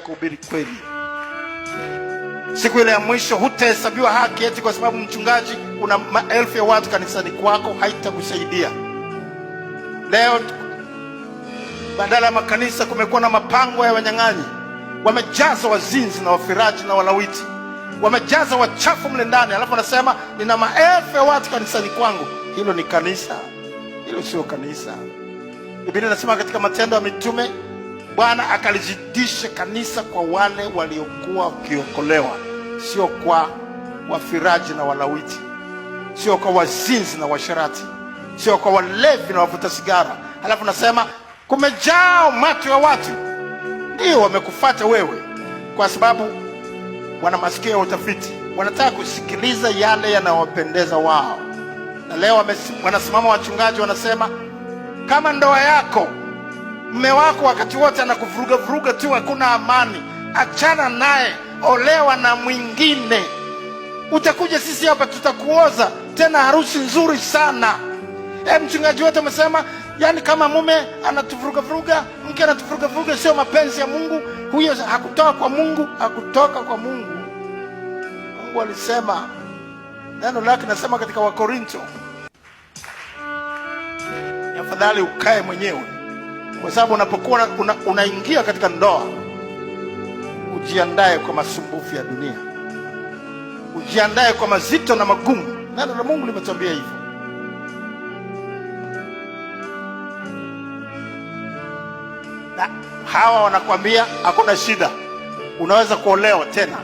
Kuhubiri kweli. Siku ile ya mwisho hutahesabiwa haki eti kwa sababu mchungaji, una maelfu ya watu kanisani kwako, haitakusaidia. Leo badala ya makanisa kumekuwa na mapango ya wanyang'anyi, wamejaza wazinzi na wafiraji na walawiti, wamejaza wachafu mle ndani, alafu anasema nina maelfu ya watu kanisani kwangu. Hilo ni kanisa? Hilo sio kanisa. Biblia inasema katika Matendo ya Mitume Bwana akalizidisha kanisa kwa wale waliokuwa wakiokolewa, sio kwa wafiraji na walawiti, sio kwa wazinzi na washarati, sio kwa walevi na wavuta sigara. Halafu nasema kumejaa umati wa watu. Ndio wamekufata wewe, kwa sababu wana masikio ya utafiti, wanataka kusikiliza yale yanayowapendeza wao. Na leo wanasimama wachungaji wanasema, kama ndoa yako Mme wako wakati wote anakuvuruga vuruga tu, hakuna amani. Achana naye, olewa na mwingine. Utakuja sisi hapa tutakuoza tena harusi nzuri sana. E, mchungaji wote amesema, yani kama mume anatuvuruga vuruga, mke anatuvuruga vuruga, sio mapenzi ya Mungu. Huyo hakutoka kwa Mungu, hakutoka kwa Mungu. Mungu alisema, neno lake nasema katika Wakorinto, afadhali ukae mwenyewe kwa sababu unapokuwa una, katika ndoa, ujiandae kwa masumbufu ya dunia, ujiandae kwa mazito na magumu. Neno la Mungu limetuambia hivyo. Na hawa wanakwambia hakuna shida, unaweza kuolewa tena.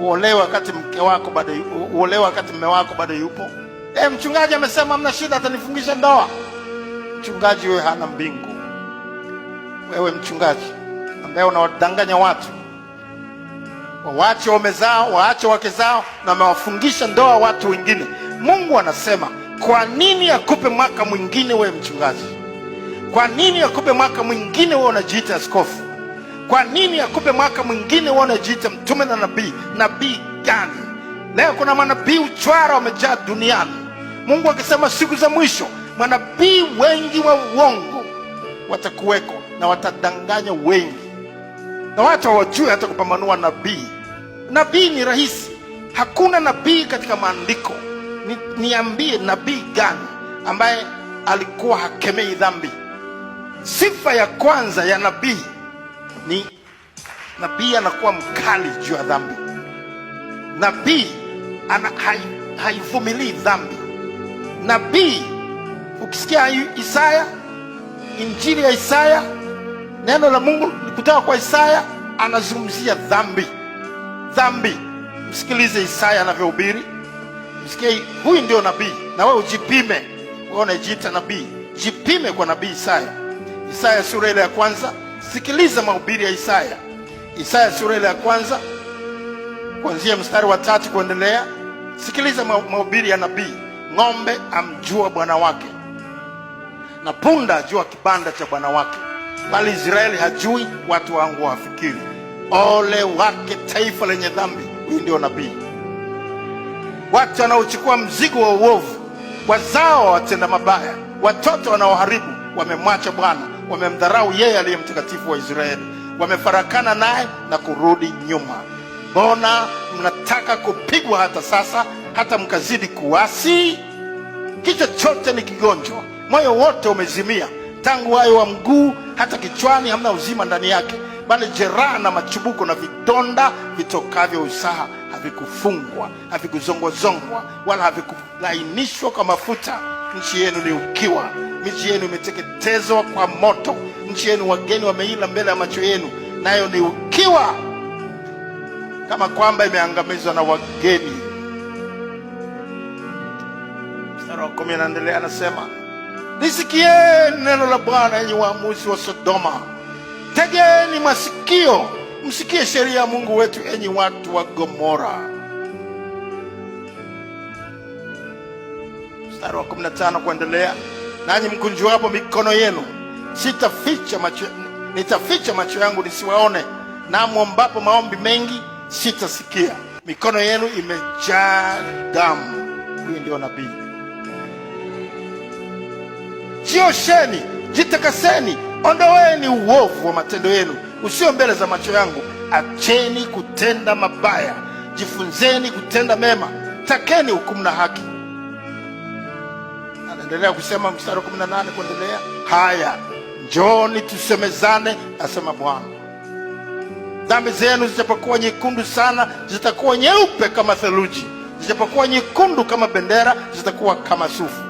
Uolewe wakati mke wako bado, uolewe wakati mume wako bado yupo. E, mchungaji amesema mna shida, atanifungisha ndoa. Mchungaji wewe hana mbingu. Wewe mchungaji ambaye unawadanganya watu waache waume zao, waache wake zao, na wamewafungisha ndoa watu wengine. Mungu anasema kwa nini akupe mwaka mwingine wewe mchungaji? Kwa nini akupe mwaka mwingine wewe unajiita askofu? Kwa nini akupe mwaka mwingine wewe unajiita mtume na nabii? Nabii gani? Leo kuna manabii uchwara wamejaa duniani. Mungu akisema siku za mwisho manabii wengi wa uongo watakuweko na watadanganya wengi, na watu hawajui hata kupambanua nabii. Nabii ni rahisi, hakuna nabii katika maandiko. Ni, niambie nabii gani ambaye alikuwa hakemei dhambi? Sifa ya kwanza ya nabii ni nabii anakuwa mkali juu ya dhambi. Nabii haivumilii dhambi. Nabii Ukisikia Isaya, injili ya Isaya, neno la Mungu kutoka kwa Isaya, anazungumzia dhambi, dhambi. Msikilize Isaya anavyohubiri, msikie. Huyu ndio nabii, na wewe ujipime. Wewe unajiita nabii, jipime kwa nabii Isaya. Isaya sura ile ya kwanza, sikiliza mahubiri ya Isaya. Isaya sura ile ya kwanza kuanzia mstari wa tatu kuendelea. Sikiliza mahubiri ya nabii. Ng'ombe amjua bwana wake na punda jua kibanda cha bwana wake, bali Israeli hajui, watu wangu wafikiri Ole wake taifa lenye dhambi! Huyu ndio nabii, watu wanaochukua mzigo wa uovu, wazao watenda mabaya, watoto wanaoharibu. Wamemwacha Bwana, wamemdharau yeye aliye mtakatifu wa Israeli, wamefarakana naye na kurudi nyuma. Mbona mnataka kupigwa hata sasa, hata mkazidi kuasi? kichochote chote ni kigonjwa moyo wote umezimia, tangu wayo wa mguu hata kichwani, hamna uzima ndani yake, bali jeraha na machubuko na vidonda vitokavyo usaha. Havikufungwa, havikuzongwazongwa, wala havikulainishwa kwa mafuta. Nchi yenu ni ukiwa, miji yenu imeteketezwa kwa moto, nchi yenu wageni wameila mbele ya macho yenu, nayo ni ukiwa, kama kwamba imeangamizwa na wageni. Mstari wa kumi anaendelea, anasema nisikieni neno la Bwana, enyi waamuzi wa Sodoma, tegeni masikio msikie sheria ya Mungu wetu, enyi watu wa Gomora. Mstari wa 15 kuendelea, nanyi mkunjuapo mikono yenu, sitaficha macho, nitaficha macho yangu nisiwaone, na mwombapo maombi mengi sitasikia. Mikono yenu imejaa damu. Huyu ndio nabii jiosheni, jitakaseni, ondoweni uovu wa matendo yenu usio mbele za macho yangu. Acheni kutenda mabaya, jifunzeni kutenda mema, takeni hukumu na haki. Anaendelea kusema mstari wa 18 kuendelea, haya njoni tusemezane, asema Bwana, dhambi zenu zijapokuwa nyekundu sana, zitakuwa nyeupe kama theluji; zijapokuwa nyekundu kama bendera, zitakuwa kama sufu.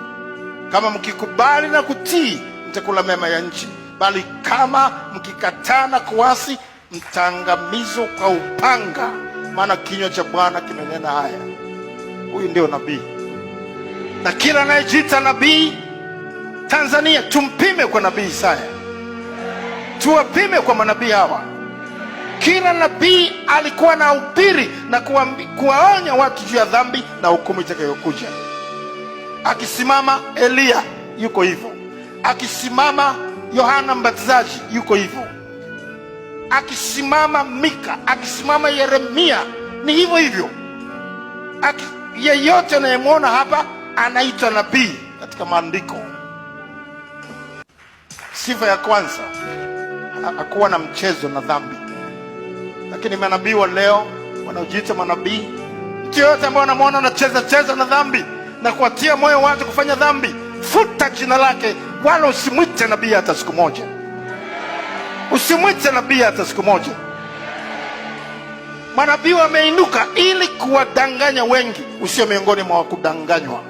Kama mkikubali na kutii, mtakula mema ya nchi, bali kama mkikataa na kuasi, mtaangamizwa kwa upanga, maana kinywa cha Bwana kimenena haya. Huyu ndio nabii, na kila anayejiita nabii Tanzania tumpime kwa nabii Isaya, tuwapime kwa manabii hawa. Kila nabii alikuwa na ubiri na kuwaonya watu juu ya dhambi na hukumu itakayokuja. Akisimama Eliya yuko hivyo, akisimama Yohana Mbatizaji yuko hivyo, akisimama Mika, akisimama Yeremia ni hivyo hivyo. Aki, yeyote anayemwona hapa anaitwa nabii katika maandiko. Sifa ya kwanza hakuwa na mchezo na dhambi, lakini manabii wa leo wanaojiita manabii, mtu yoyote ambaye anamwona anacheza cheza na dhambi na kuwatia moyo watu kufanya dhambi, futa jina lake, wala usimwite nabii hata siku moja. Usimwite nabii hata siku moja. Manabii wameinuka ili kuwadanganya wengi, usio miongoni mwa wakudanganywa.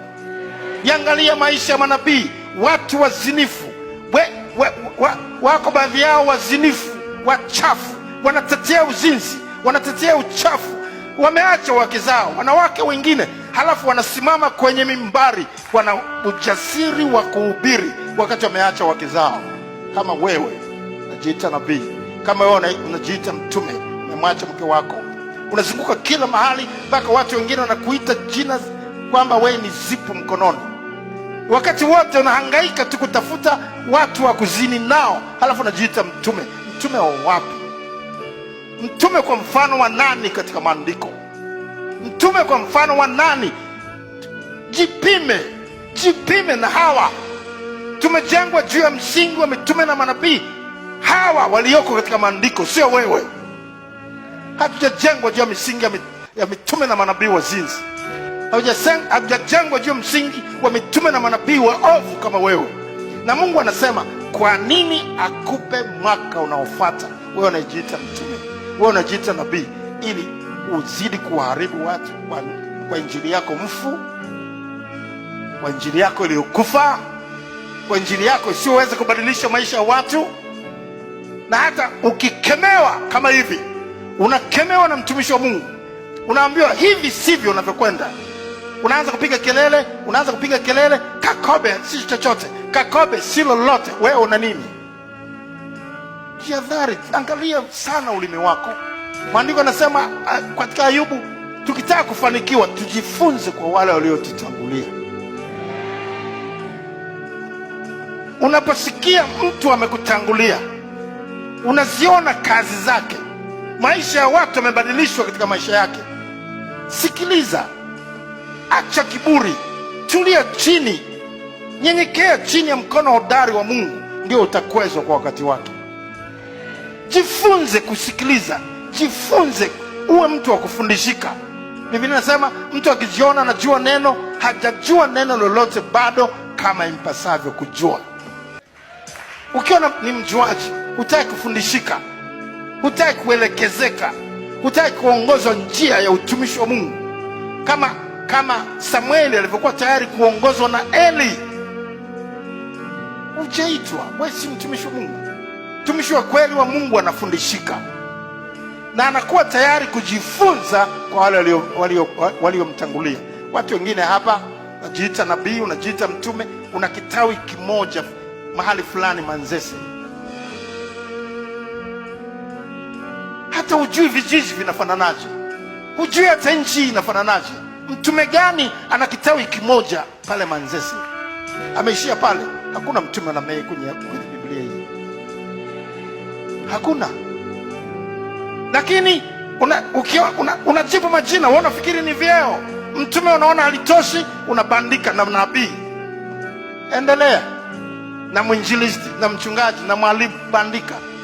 Yangalia maisha ya manabii, watu wazinifu we, we, wa, wako baadhi yao wazinifu, wachafu, wanatetea uzinzi, wanatetea uchafu, wameacha wake zao, wanawake wengine halafu wanasimama kwenye mimbari, wana ujasiri wa kuhubiri wakati wameacha wake zao. Kama wewe unajiita nabii, kama wewe unajiita mtume, umemwacha mke wako, unazunguka kila mahali mpaka watu wengine wanakuita jina kwamba wewe ni zipu mkononi, wakati wote unahangaika tu kutafuta watu wa kuzini nao, halafu unajiita mtume. Mtume wa wapi? Mtume kwa mfano wa nani katika maandiko? Mtume kwa mfano wa nani? Jipime, jipime na hawa. Tumejengwa juu ya msingi wa mitume na manabii, hawa walioko katika maandiko, sio wewe. Hatujajengwa juu ya misingi ya mitume na manabii wazinzi. Hatujajengwa juu ya msingi wa mitume na manabii waovu kama wewe. Na Mungu anasema kwa nini akupe mwaka unaofuata? Wewe unajiita mtume, wewe unajiita nabii, ili uzidi kuwaharibu watu kwa, kwa injili yako mfu, kwa injili yako iliyokufa, kwa injili yako isiyoweza kubadilisha maisha ya watu. Na hata ukikemewa kama hivi, unakemewa na mtumishi wa Mungu, unaambiwa hivi sivyo unavyokwenda, unaanza kupiga kelele, unaanza kupiga kelele, Kakobe si chochote, Kakobe si lolote, wewe una nini? Jihadhari, angalia sana ulimi wako. Maandiko anasema ah, katika Ayubu, tukitaka kufanikiwa tujifunze kwa wale waliotutangulia. Unaposikia mtu amekutangulia, unaziona kazi zake, maisha ya watu yamebadilishwa katika maisha yake. Sikiliza, acha kiburi, tulia chini, nyenyekea chini ya mkono hodari wa Mungu, ndio utakwezwa kwa wakati wake. Jifunze kusikiliza jifunze, uwe mtu wa kufundishika. Biblia inasema mtu akijiona anajua neno, hajajua neno lolote bado kama impasavyo kujua. Ukiona ni mjuaji, hutaki kufundishika, hutaki kuelekezeka, hutaki kuongozwa njia ya utumishi wa Mungu, kama kama Samueli alivyokuwa tayari kuongozwa na Eli. ujeitwa wewe, si mtumishi wa Mungu. Mtumishi wa kweli wa Mungu anafundishika na anakuwa tayari kujifunza kwa wale waliomtangulia. Watu wengine hapa, unajiita nabii, unajiita mtume, una kitawi kimoja mahali fulani Manzese, hata hujui vijiji vinafananaje, hujui hata nchi inafananaje. Mtume gani ana kitawi kimoja pale Manzese? Ameishia pale. Hakuna mtume anamee kwenye Biblia hii, hakuna lakini ukiwa una, una majina wewe, unafikiri ni vyeo. Mtume unaona halitoshi, unabandika na nabii. Endelea na mwinjilisti na mchungaji na mwalimu, bandika.